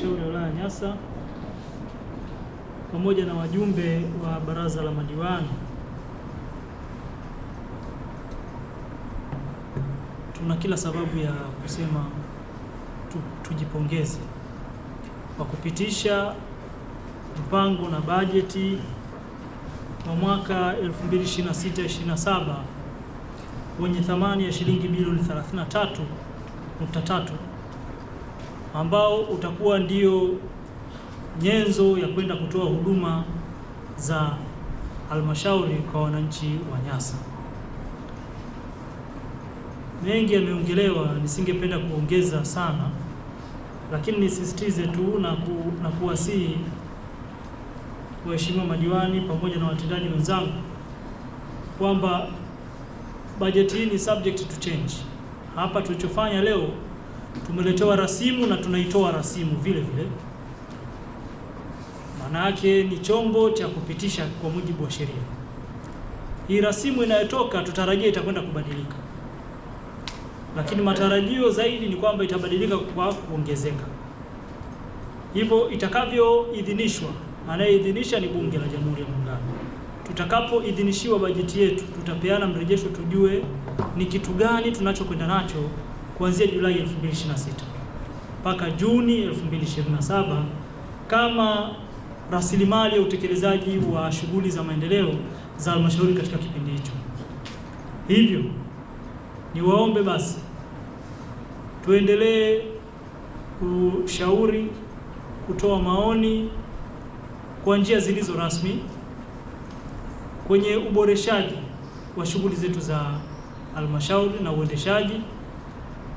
halmashauri ya wilaya Nyasa pamoja na wajumbe wa baraza la madiwani tuna kila sababu ya kusema tu, tujipongeze kwa kupitisha mpango na bajeti wa mwaka 2026/2027 wenye thamani ya shilingi bilioni 33.3 ambao utakuwa ndio nyenzo ya kwenda kutoa huduma za halmashauri kwa wananchi wa Nyasa. Mengi yameongelewa, nisingependa kuongeza sana, lakini nisisitize tu na, ku, na kuwasihi waheshimiwa madiwani pamoja na watendaji wenzangu kwamba bajeti hii ni subject to change. Hapa tulichofanya leo tumeletewa rasimu na tunaitoa rasimu vile vile. Maana yake ni chombo cha kupitisha kwa mujibu wa sheria. Hii rasimu inayotoka tutarajia itakwenda kubadilika, lakini matarajio zaidi ni kwamba itabadilika kwa kuongezeka. Hivyo itakavyoidhinishwa, anayeidhinisha ni Bunge la Jamhuri ya Muungano. Tutakapoidhinishiwa bajeti yetu, tutapeana mrejesho, tujue ni kitu gani tunachokwenda nacho kuanzia Julai 2026 mpaka Juni 2027 kama rasilimali ya utekelezaji wa shughuli za maendeleo za halmashauri katika kipindi hicho. Hivyo niwaombe basi tuendelee kushauri, kutoa maoni kwa njia zilizo rasmi kwenye uboreshaji wa shughuli zetu za halmashauri na uendeshaji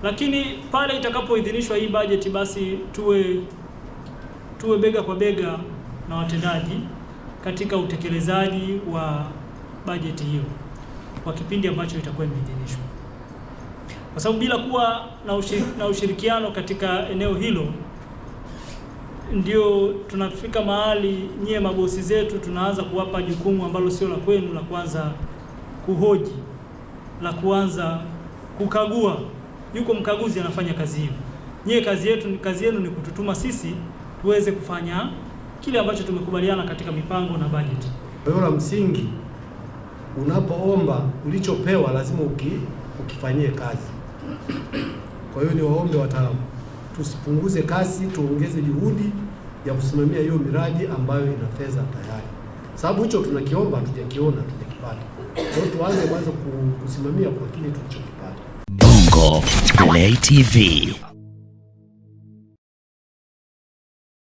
lakini pale itakapoidhinishwa hii bajeti, basi tuwe tuwe bega kwa bega na watendaji katika utekelezaji wa bajeti hiyo kwa kipindi ambacho itakuwa imeidhinishwa, kwa sababu bila kuwa na, ushir, na ushirikiano katika eneo hilo ndio tunafika mahali nyie mabosi zetu tunaanza kuwapa jukumu ambalo sio la kwenu la kuanza kuhoji, la kuanza kukagua yuko mkaguzi anafanya kazi hiyo. Nyie kazi yetu, kazi yenu ni kututuma sisi tuweze kufanya kile ambacho tumekubaliana katika mipango na bajeti. Kwa hiyo la msingi, unapoomba ulichopewa lazima uki, ukifanyie kazi. Kwa hiyo ni waombe wataalamu, tusipunguze kasi, tuongeze juhudi ya kusimamia hiyo miradi ambayo ina fedha tayari, sababu hicho tunakiomba, hatujakiona, hatujakipata. Kwa hiyo tuanze kwanza kusimamia kwa kile tulichokipata. Play TV.